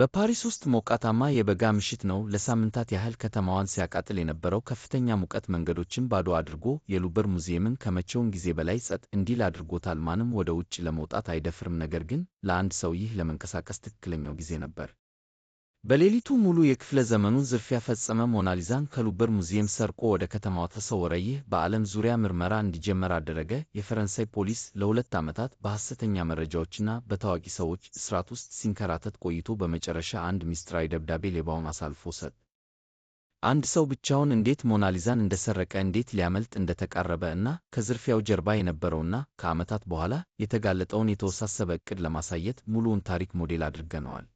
በፓሪስ ውስጥ ሞቃታማ የበጋ ምሽት ነው። ለሳምንታት ያህል ከተማዋን ሲያቃጥል የነበረው ከፍተኛ ሙቀት መንገዶችን ባዶ አድርጎ የሉበር ሙዚየምን ከመቼውም ጊዜ በላይ ጸጥ እንዲል አድርጎታል። ማንም ወደ ውጭ ለመውጣት አይደፍርም። ነገር ግን ለአንድ ሰው ይህ ለመንቀሳቀስ ትክክለኛው ጊዜ ነበር። በሌሊቱ ሙሉ የክፍለ ዘመኑን ዝርፊያ ፈጸመ። ሞናሊዛን ከሉበር ሙዚየም ሰርቆ ወደ ከተማዋ ተሰወረ። ይህ በዓለም ዙሪያ ምርመራ እንዲጀመር አደረገ። የፈረንሳይ ፖሊስ ለሁለት ዓመታት በሐሰተኛ መረጃዎችና በታዋቂ ሰዎች እስራት ውስጥ ሲንከራተት ቆይቶ በመጨረሻ አንድ ምስጢራዊ ደብዳቤ ሌባውን አሳልፎ ሰጥ። አንድ ሰው ብቻውን እንዴት ሞናሊዛን እንደሰረቀ፣ እንዴት ሊያመልጥ እንደተቃረበ እና ከዝርፊያው ጀርባ የነበረውና ከዓመታት በኋላ የተጋለጠውን የተወሳሰበ ዕቅድ ለማሳየት ሙሉውን ታሪክ ሞዴል አድርገነዋል።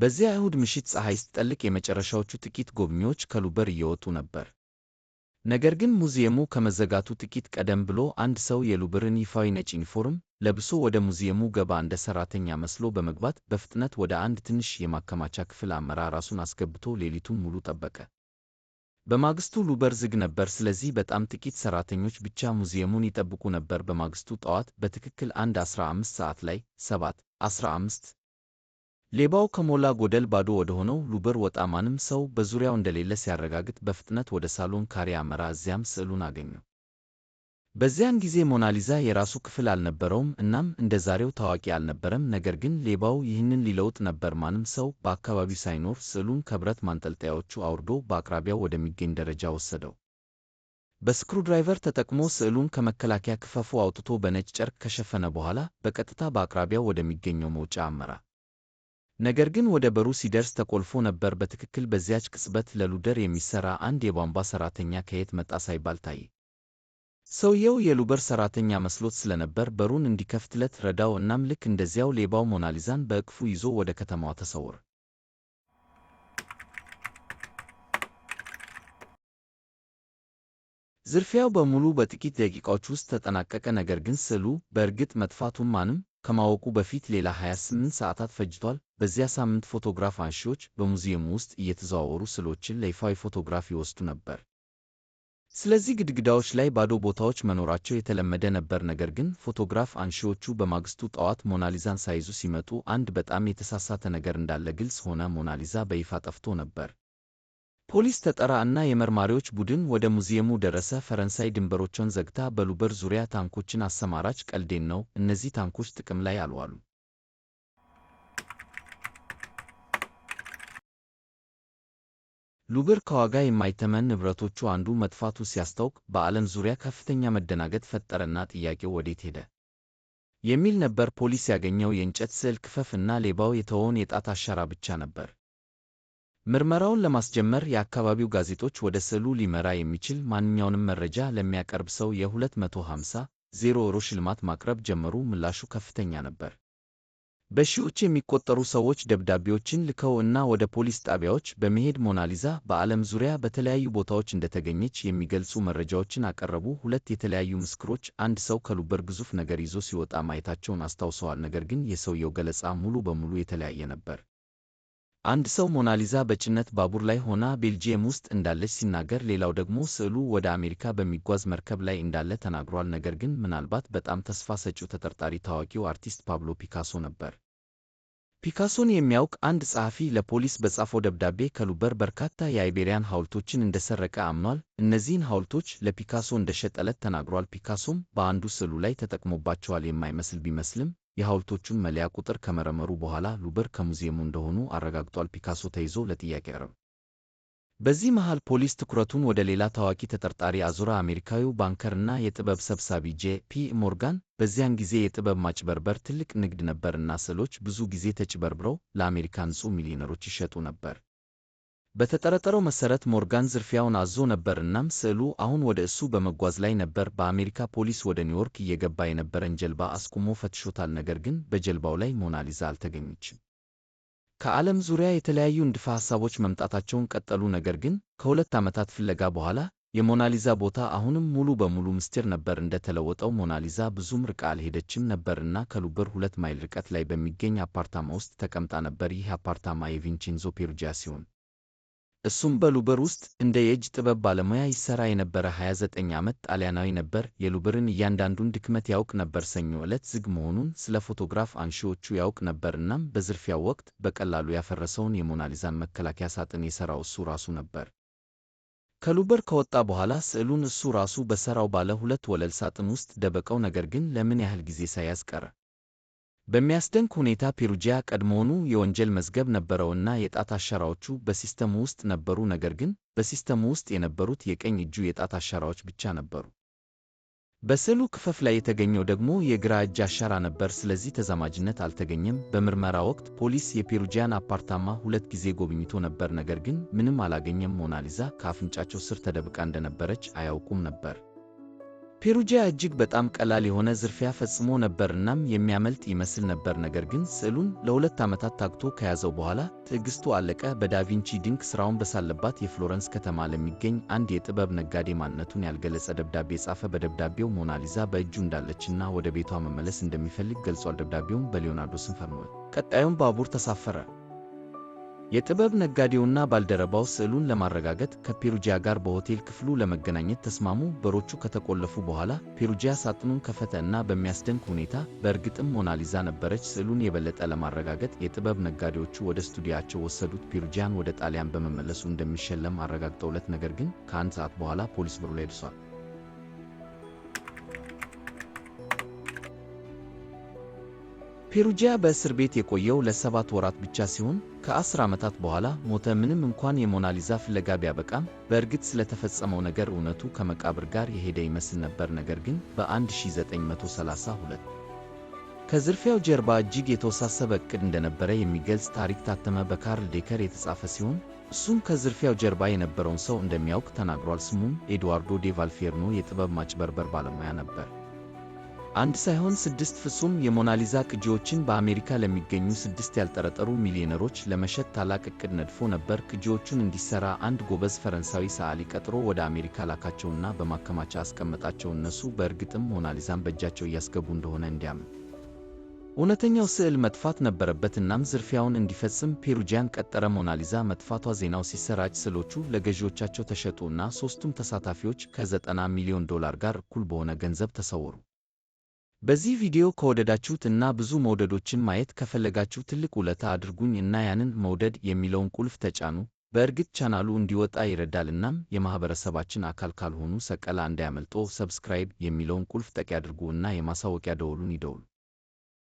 በዚያ እሁድ ምሽት ፀሐይ ስትጠልቅ የመጨረሻዎቹ ጥቂት ጎብኚዎች ከሉበር እየወጡ ነበር። ነገር ግን ሙዚየሙ ከመዘጋቱ ጥቂት ቀደም ብሎ አንድ ሰው የሉብርን ይፋዊ ነጭ ዩኒፎርም ለብሶ ወደ ሙዚየሙ ገባ። እንደ ሰራተኛ መስሎ በመግባት በፍጥነት ወደ አንድ ትንሽ የማከማቻ ክፍል አመራ። ራሱን አስገብቶ ሌሊቱን ሙሉ ጠበቀ። በማግስቱ ሉበር ዝግ ነበር፣ ስለዚህ በጣም ጥቂት ሰራተኞች ብቻ ሙዚየሙን ይጠብቁ ነበር። በማግስቱ ጠዋት በትክክል አንድ 15 ሰዓት ላይ ሰባት 15 ሌባው ከሞላ ጎደል ባዶ ወደ ሆነው ሉበር ወጣ። ማንም ሰው በዙሪያው እንደሌለ ሲያረጋግጥ በፍጥነት ወደ ሳሎን ካሬ አመራ። እዚያም ስዕሉን አገኘው። በዚያን ጊዜ ሞናሊዛ የራሱ ክፍል አልነበረውም፣ እናም እንደ ዛሬው ታዋቂ አልነበረም። ነገር ግን ሌባው ይህንን ሊለውጥ ነበር። ማንም ሰው በአካባቢው ሳይኖር ስዕሉን ከብረት ማንጠልጠያዎቹ አውርዶ በአቅራቢያው ወደሚገኝ ደረጃ ወሰደው። በስክሩድራይቨር ተጠቅሞ ስዕሉን ከመከላከያ ክፈፉ አውጥቶ በነጭ ጨርቅ ከሸፈነ በኋላ በቀጥታ በአቅራቢያው ወደሚገኘው መውጫ አመራ። ነገር ግን ወደ በሩ ሲደርስ ተቆልፎ ነበር። በትክክል በዚያች ቅጽበት ለሉደር የሚሠራ አንድ የቧንቧ ሠራተኛ ከየት መጣ ሳይባል ታየ። ሰውየው የሉበር ሠራተኛ መስሎት ስለነበር በሩን እንዲከፍትለት ረዳው። እናም ልክ እንደዚያው ሌባው ሞናሊዛን በእቅፉ ይዞ ወደ ከተማዋ ተሰወር። ዝርፊያው በሙሉ በጥቂት ደቂቃዎች ውስጥ ተጠናቀቀ። ነገር ግን ስዕሉ በእርግጥ መጥፋቱን ማንም ከማወቁ በፊት ሌላ 28 ሰዓታት ፈጅቷል። በዚያ ሳምንት ፎቶግራፍ አንሺዎች በሙዚየም ውስጥ እየተዘዋወሩ ስዕሎችን ለይፋዊ ፎቶግራፍ ይወስዱ ነበር። ስለዚህ ግድግዳዎች ላይ ባዶ ቦታዎች መኖራቸው የተለመደ ነበር። ነገር ግን ፎቶግራፍ አንሺዎቹ በማግስቱ ጠዋት ሞናሊዛን ሳይዙ ሲመጡ አንድ በጣም የተሳሳተ ነገር እንዳለ ግልጽ ሆነ። ሞናሊዛ በይፋ ጠፍቶ ነበር። ፖሊስ ተጠራ እና የመርማሪዎች ቡድን ወደ ሙዚየሙ ደረሰ። ፈረንሳይ ድንበሮቿን ዘግታ በሉበር ዙሪያ ታንኮችን አሰማራች። ቀልዴን ነው፣ እነዚህ ታንኮች ጥቅም ላይ አልዋሉ ሉብር ከዋጋ የማይተመን ንብረቶቹ አንዱ መጥፋቱ ሲያስታውቅ በዓለም ዙሪያ ከፍተኛ መደናገጥ ፈጠረና ጥያቄው ወዴት ሄደ የሚል ነበር። ፖሊስ ያገኘው የእንጨት ስዕል ክፈፍ እና ሌባው የተወውን የጣት አሻራ ብቻ ነበር። ምርመራውን ለማስጀመር የአካባቢው ጋዜጦች ወደ ስዕሉ ሊመራ የሚችል ማንኛውንም መረጃ ለሚያቀርብ ሰው የ250 ሮ ሽልማት ማቅረብ ጀመሩ። ምላሹ ከፍተኛ ነበር። በሺዎች የሚቆጠሩ ሰዎች ደብዳቤዎችን ልከው እና ወደ ፖሊስ ጣቢያዎች በመሄድ ሞናሊዛ በዓለም ዙሪያ በተለያዩ ቦታዎች እንደተገኘች የሚገልጹ መረጃዎችን አቀረቡ። ሁለት የተለያዩ ምስክሮች አንድ ሰው ከሉበር ግዙፍ ነገር ይዞ ሲወጣ ማየታቸውን አስታውሰዋል፣ ነገር ግን የሰውየው ገለጻ ሙሉ በሙሉ የተለያየ ነበር። አንድ ሰው ሞናሊዛ በጭነት ባቡር ላይ ሆና ቤልጂየም ውስጥ እንዳለች ሲናገር፣ ሌላው ደግሞ ስዕሉ ወደ አሜሪካ በሚጓዝ መርከብ ላይ እንዳለ ተናግሯል። ነገር ግን ምናልባት በጣም ተስፋ ሰጪው ተጠርጣሪ ታዋቂው አርቲስት ፓብሎ ፒካሶ ነበር። ፒካሶን የሚያውቅ አንድ ጸሐፊ ለፖሊስ በጻፈው ደብዳቤ ከሉበር በርካታ የአይቤሪያን ሐውልቶችን እንደሰረቀ አምኗል። እነዚህን ሐውልቶች ለፒካሶ እንደሸጠለት ተናግሯል። ፒካሶም በአንዱ ስዕሉ ላይ ተጠቅሞባቸዋል። የማይመስል ቢመስልም የሐውልቶቹን መለያ ቁጥር ከመረመሩ በኋላ ሉበር ከሙዚየሙ እንደሆኑ አረጋግጧል። ፒካሶ ተይዞ ለጥያቄ ቀረበ። በዚህ መሃል ፖሊስ ትኩረቱን ወደ ሌላ ታዋቂ ተጠርጣሪ አዙራ አሜሪካዊው ባንከር እና የጥበብ ሰብሳቢ ጄ ፒ ሞርጋን በዚያን ጊዜ የጥበብ ማጭበርበር ትልቅ ንግድ ነበርና ስዕሎች ብዙ ጊዜ ተጭበርብረው ለአሜሪካ ንጹሕ ሚሊዮነሮች ይሸጡ ነበር። በተጠረጠረው መሠረት ሞርጋን ዝርፊያውን አዞ ነበር እናም ስዕሉ አሁን ወደ እሱ በመጓዝ ላይ ነበር። በአሜሪካ ፖሊስ ወደ ኒውዮርክ እየገባ የነበረን ጀልባ አስቁሞ ፈትሾታል። ነገር ግን በጀልባው ላይ ሞናሊዛ አልተገኘችም። ከዓለም ዙሪያ የተለያዩ ንድፈ ሐሳቦች መምጣታቸውን ቀጠሉ። ነገር ግን ከሁለት ዓመታት ፍለጋ በኋላ የሞናሊዛ ቦታ አሁንም ሙሉ በሙሉ ምስጢር ነበር። እንደተለወጠው ሞናሊዛ ብዙም ርቃ አልሄደችም ነበርና ከሉብር ሁለት ማይል ርቀት ላይ በሚገኝ አፓርታማ ውስጥ ተቀምጣ ነበር። ይህ አፓርታማ የቪንቼንዞ ፔሩጂያ ሲሆን እሱም በሉበር ውስጥ እንደ የእጅ ጥበብ ባለሙያ ይሠራ የነበረ 29 ዓመት ጣሊያናዊ ነበር። የሉበርን እያንዳንዱን ድክመት ያውቅ ነበር። ሰኞ ዕለት ዝግ መሆኑን ስለ ፎቶግራፍ አንሺዎቹ ያውቅ ነበር። እናም በዝርፊያው ወቅት በቀላሉ ያፈረሰውን የሞናሊዛን መከላከያ ሳጥን የሠራው እሱ ራሱ ነበር። ከሉበር ከወጣ በኋላ ስዕሉን እሱ ራሱ በሠራው ባለ ሁለት ወለል ሳጥን ውስጥ ደበቀው። ነገር ግን ለምን ያህል ጊዜ ሳያዝ ቀረ። በሚያስደንቅ ሁኔታ ፔሩጂያ ቀድሞውኑ የወንጀል መዝገብ ነበረውና የጣት አሻራዎቹ በሲስተሙ ውስጥ ነበሩ፣ ነገር ግን በሲስተሙ ውስጥ የነበሩት የቀኝ እጁ የጣት አሻራዎች ብቻ ነበሩ። በስዕሉ ክፈፍ ላይ የተገኘው ደግሞ የግራ እጅ አሻራ ነበር፣ ስለዚህ ተዛማጅነት አልተገኘም። በምርመራ ወቅት ፖሊስ የፔሩጂያን አፓርታማ ሁለት ጊዜ ጎብኝቶ ነበር፣ ነገር ግን ምንም አላገኘም። ሞናሊዛ ከአፍንጫቸው ስር ተደብቃ እንደነበረች አያውቁም ነበር። ፔሩጂያ እጅግ በጣም ቀላል የሆነ ዝርፊያ ፈጽሞ ነበር የሚያመልጥ ይመስል ነበር። ነገር ግን ስዕሉን ለሁለት ዓመታት ታግቶ ከያዘው በኋላ ትዕግስቱ አለቀ። በዳቪንቺ ድንቅ ሥራውን በሳለባት የፍሎረንስ ከተማ ለሚገኝ አንድ የጥበብ ነጋዴ ማንነቱን ያልገለጸ ደብዳቤ ጻፈ። በደብዳቤው ሞናሊዛ በእጁ እንዳለችና ወደ ቤቷ መመለስ እንደሚፈልግ ገልጿል። ደብዳቤውም በሊዮናርዶ ስም ፈርሟል። ቀጣዩም ባቡር ተሳፈረ። የጥበብ ነጋዴውና ባልደረባው ስዕሉን ለማረጋገጥ ከፔሩጂያ ጋር በሆቴል ክፍሉ ለመገናኘት ተስማሙ። በሮቹ ከተቆለፉ በኋላ ፔሩጂያ ሳጥኑን ከፈተ እና በሚያስደንቅ ሁኔታ በእርግጥም ሞናሊዛ ነበረች። ስዕሉን የበለጠ ለማረጋገጥ የጥበብ ነጋዴዎቹ ወደ ስቱዲያቸው ወሰዱት። ፔሩጂያን ወደ ጣሊያን በመመለሱ እንደሚሸለም አረጋግጠውለት፣ ነገር ግን ከአንድ ሰዓት በኋላ ፖሊስ ብሮ ላይ ደርሷል። ፔሩጂያ በእስር ቤት የቆየው ለሰባት ወራት ብቻ ሲሆን ከአስር ዓመታት በኋላ ሞተ። ምንም እንኳን የሞናሊዛ ፍለጋ ቢያበቃም በእርግጥ ስለተፈጸመው ነገር እውነቱ ከመቃብር ጋር የሄደ ይመስል ነበር። ነገር ግን በ1932 ከዝርፊያው ጀርባ እጅግ የተወሳሰበ ዕቅድ እንደነበረ የሚገልጽ ታሪክ ታተመ። በካርል ዴከር የተጻፈ ሲሆን እሱም ከዝርፊያው ጀርባ የነበረውን ሰው እንደሚያውቅ ተናግሯል። ስሙም ኤድዋርዶ ዴቫልፌርኖ የጥበብ ማጭበርበር ባለሙያ ነበር። አንድ ሳይሆን ስድስት ፍጹም የሞናሊዛ ቅጂዎችን በአሜሪካ ለሚገኙ ስድስት ያልጠረጠሩ ሚሊዮነሮች ለመሸጥ ታላቅ እቅድ ነድፎ ነበር። ቅጂዎቹን እንዲሰራ አንድ ጎበዝ ፈረንሳዊ ሰዓሊ ቀጥሮ ወደ አሜሪካ ላካቸውና በማከማቻ አስቀመጣቸው። እነሱ በእርግጥም ሞናሊዛን በእጃቸው እያስገቡ እንደሆነ እንዲያምን እውነተኛው ስዕል መጥፋት ነበረበት። እናም ዝርፊያውን እንዲፈጽም ፔሩጂያን ቀጠረ። ሞናሊዛ መጥፋቷ ዜናው ሲሰራጭ ስዕሎቹ ለገዢዎቻቸው ተሸጡ እና ሦስቱም ተሳታፊዎች ከዘጠና ሚሊዮን ዶላር ጋር እኩል በሆነ ገንዘብ ተሰወሩ። በዚህ ቪዲዮ ከወደዳችሁት እና ብዙ መውደዶችን ማየት ከፈለጋችሁ ትልቅ ውለታ አድርጉኝ እና ያንን መውደድ የሚለውን ቁልፍ ተጫኑ። በእርግጥ ቻናሉ እንዲወጣ ይረዳል። እናም የማህበረሰባችን አካል ካልሆኑ ሰቀላ እንዳያመልጦ ሰብስክራይብ የሚለውን ቁልፍ ጠቂ አድርጉ እና የማሳወቂያ ደወሉን ይደውሉ።